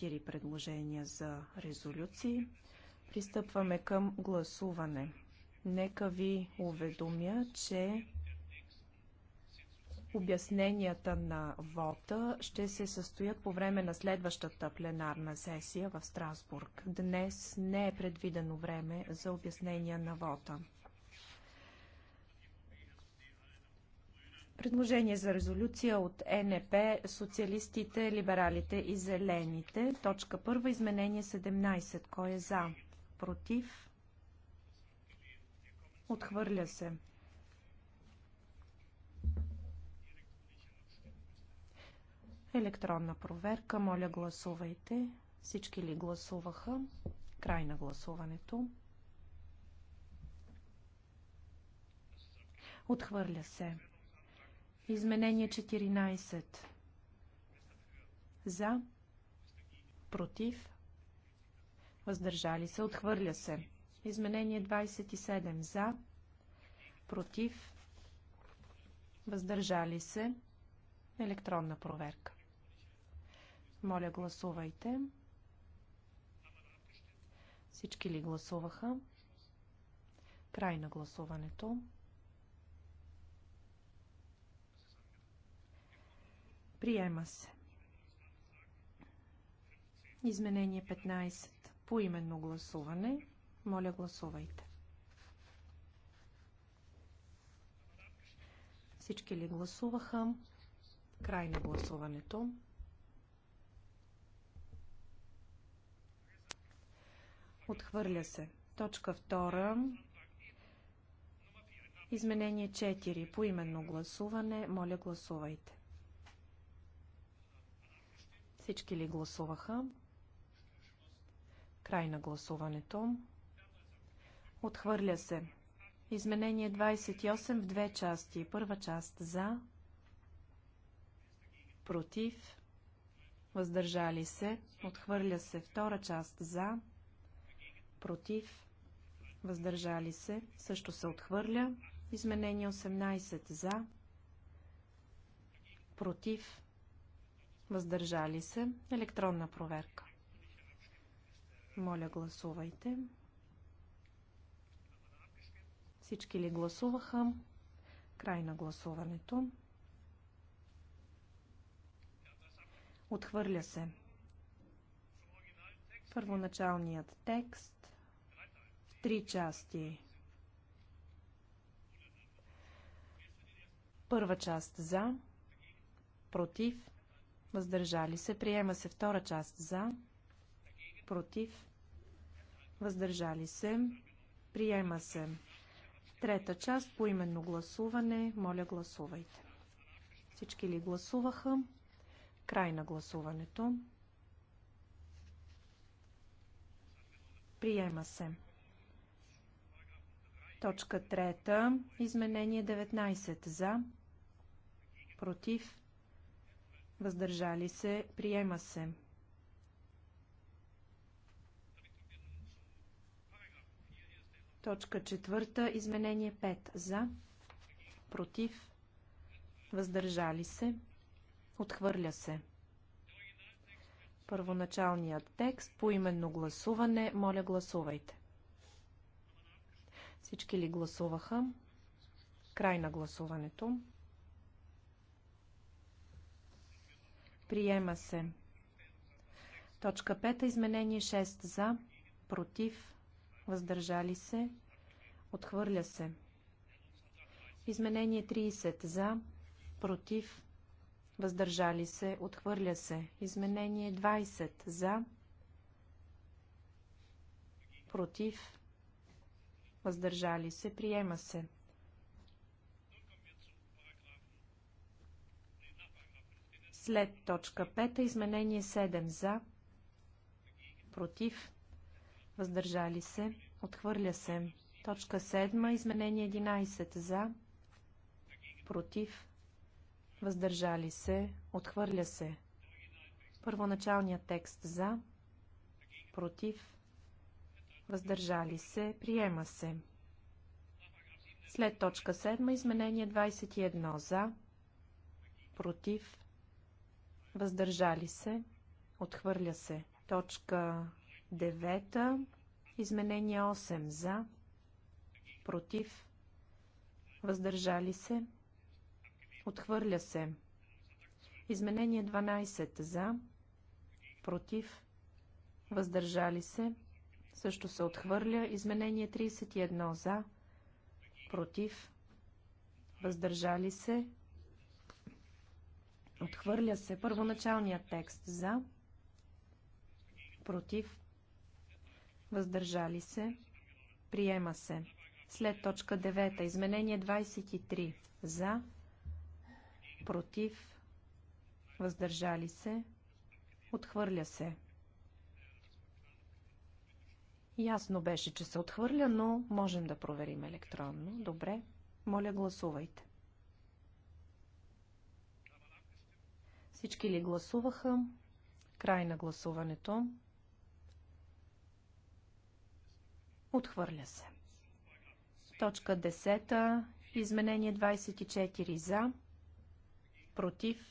четири предложения за резолюции. Пристъпваме към гласуване. Нека ви уведомя, че обясненията на вота ще се състоят по време на следващата пленарна сесия в Страсбург. Днес не е предвидено време за обяснения на вота. Предложение за резолюция от НП, социалистите, либералите и зелените. Точка първа, изменение 17. Кой е за? Против? Отхвърля се. Електронна проверка. Моля, гласувайте. Всички ли гласуваха? Край на гласуването. Отхвърля се. Изменение 14. За. Против. Въздържали се. Отхвърля се. Изменение 27. За. Против. Въздържали се. Електронна проверка. Моля, гласувайте. Всички ли гласуваха? Край на гласуването. Приема се. Изменение 15. По именно гласуване. Моля, гласувайте. Всички ли гласуваха? Край на гласуването. Отхвърля се. Точка 2. Изменение 4. По именно гласуване. Моля, гласувайте. Всички ли гласуваха? Край на гласуването. Отхвърля се. Изменение 28 в две части. Първа част за, против, въздържали се. Отхвърля се втора част за, против, въздържали се. Също се отхвърля. Изменение 18 за, против, въздържали се, електронна проверка. Моля, гласувайте. Всички ли гласуваха? Край на гласуването. Отхвърля се. Първоначалният текст в три части. Първа част за, против, въздържали се, приема се втора част за, против, въздържали се, приема се. Трета част по именно гласуване, моля гласувайте. Всички ли гласуваха? Край на гласуването. Приема се. Точка трета. Изменение 19. За. Против въздържали се, приема се. Точка четвърта, изменение 5. За, против, въздържали се, отхвърля се. Първоначалният текст по именно гласуване. Моля, гласувайте. Всички ли гласуваха? Край на гласуването. Приема се. Точка 5. Изменение 6 за, против, въздържали се, отхвърля се. Изменение 30 за, против, въздържали се, отхвърля се. Изменение 20 за, против, въздържали се, приема се. след точка 5, изменение 7 за, против, въздържали се, отхвърля се. Точка 7, изменение 11 за, против, въздържали се, отхвърля се. Първоначалният текст за, против, въздържали се, приема се. След точка 7, изменение 21 за, против, въздържали се, отхвърля се. Точка 9, изменение 8 за, против, въздържали се, отхвърля се. Изменение 12 за, против, въздържали се, също се отхвърля. Изменение 31 за, против, въздържали се, Отхвърля се първоначалният текст за, против, въздържали се, приема се. След точка 9, изменение 23, за, против, въздържали се, отхвърля се. Ясно беше, че се отхвърля, но можем да проверим електронно. Добре, моля гласувайте. Всички ли гласуваха? Край на гласуването. Отхвърля се. Точка 10. Изменение 24 за. Против.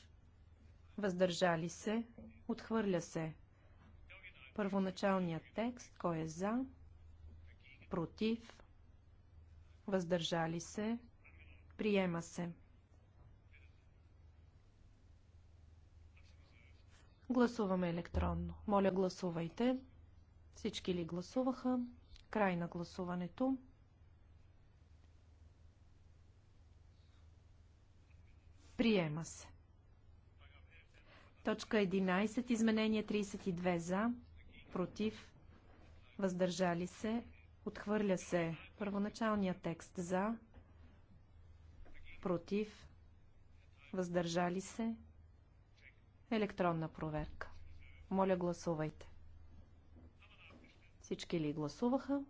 Въздържали се. Отхвърля се. Първоначалният текст. Кой е за? Против. Въздържали се. Приема се. Гласуваме електронно. Моля, гласувайте. Всички ли гласуваха? Край на гласуването. Приема се. Точка 11. Изменение 32 за, против, въздържали се, отхвърля се първоначалния текст за, против, въздържали се, Електронна проверка. Моля, гласувайте. Всички ли гласуваха?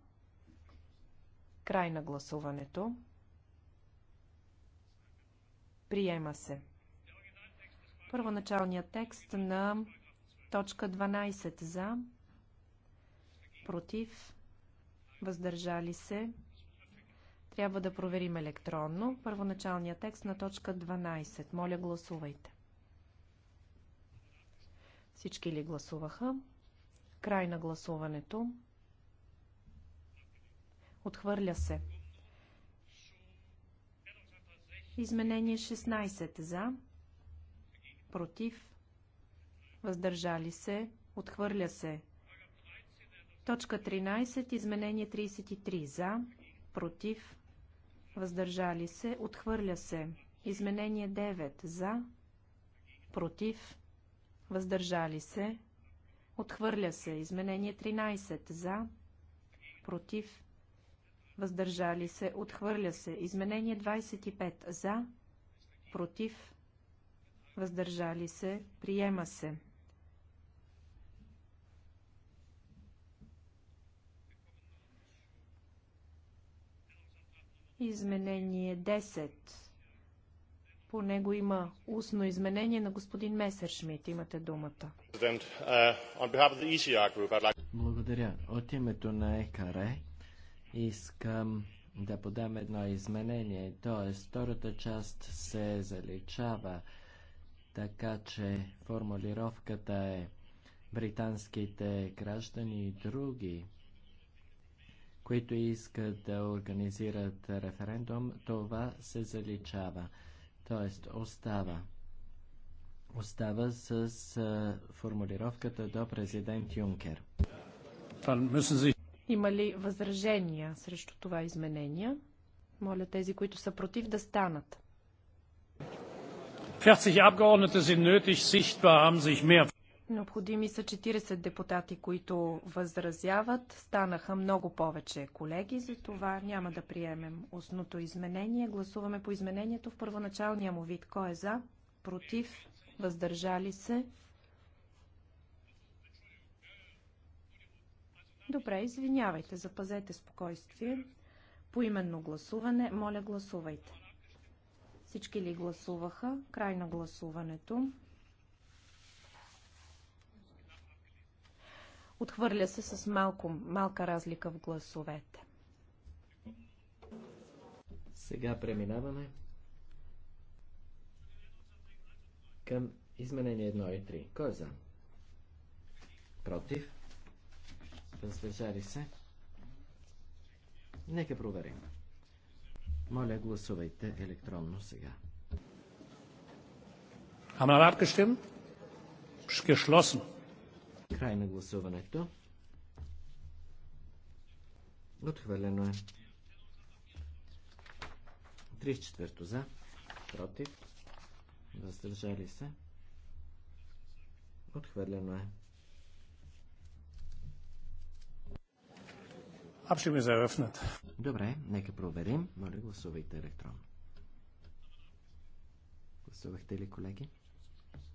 Край на гласуването. Приема се. Първоначалният текст на точка 12 за, против, въздържали се. Трябва да проверим електронно. Първоначалният текст на точка 12. Моля, гласувайте. Всички ли гласуваха? Край на гласуването. Отхвърля се. Изменение 16 за. Против. Въздържали се. Отхвърля се. Точка 13. Изменение 33 за. Против. Въздържали се. Отхвърля се. Изменение 9 за. Против въздържали се, отхвърля се. Изменение 13 за, против, въздържали се, отхвърля се. Изменение 25 за, против, въздържали се, приема се. Изменение 10 по него има устно изменение на господин Месершмит. Имате думата. Uh, Благодаря. От името на ЕКАРЕ искам да подам едно изменение, т.е. втората част се заличава, така че формулировката е британските граждани и други, които искат да организират референдум, това се заличава. Т.е. остава. Остава с формулировката до президент Юнкер. Има ли възражения срещу това изменение? Моля тези, които са против, да станат. 40 Abgeordnete си nötig, sichtbar ам sich mehr. Необходими са 40 депутати, които възразяват. Станаха много повече колеги, за това няма да приемем устното изменение. Гласуваме по изменението в първоначалния му вид. Кой е за? Против? Въздържали се? Добре, извинявайте, запазете спокойствие. По именно гласуване, моля гласувайте. Всички ли гласуваха? Край на гласуването. Отхвърля се с малко, малка разлика в гласовете. Сега преминаваме към изменение 1 и 3. Кой е за? Против? Въздържали се? Нека проверим. Моля, гласувайте електронно сега. Ама wir abgestimmt? Geschlossen. Край на гласуването. Отхвърлено е. 34 за. Против. Въздържали се. Отхвърлено е. Абшим ми заефнат. Добре, нека проверим. Моля, гласувайте електронно. Гласувахте ли, колеги?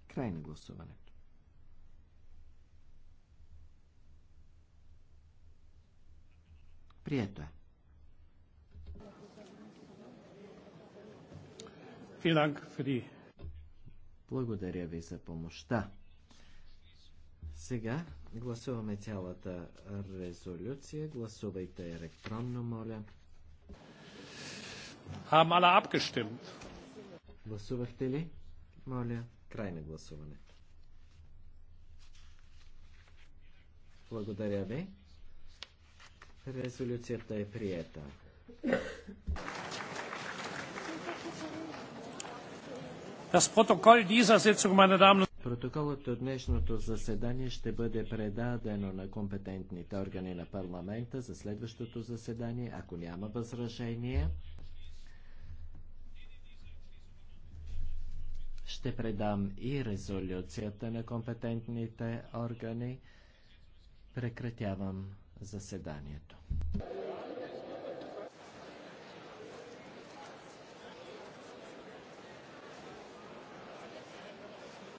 Край на гласуването. Прието е. Благодаря ви за помощта. Сега гласуваме цялата резолюция. Гласувайте електронно, моля. Haben alle abgestimmt? Гласувахте ли? Моля, край на гласуване. Благодаря ви. Резолюцията е приета. Протоколът от днешното заседание ще бъде предадено на компетентните органи на парламента за следващото заседание, ако няма възражение. Ще предам и резолюцията на компетентните органи. Прекратявам заседанието.